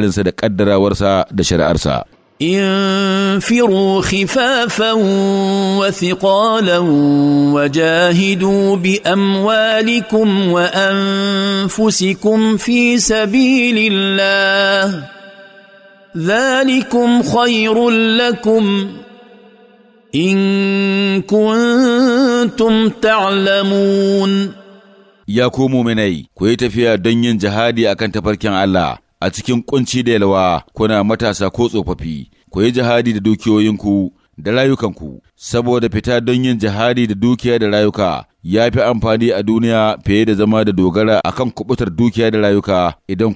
tsarinsa da ƙaddarawarsa da shari'arsa. Infiru khifafan wa thiqalan wa jahidu bi amwalikum wa anfusikum fi sabilillah Zalikum khairun lakum in kuntum ta'lamun Ya komo muminai, ku yi tafiya don yin jihadi akan tafarkin Allah. a cikin kunci da yalwa kuna matasa ko tsofaffi ku yi jihadi da dukiyoyinku da rayukanku saboda fita don yin jihadi da dukiya da rayuka ya fi amfani a duniya fiye da zama da dogara akan kubutar dukiya da rayuka idan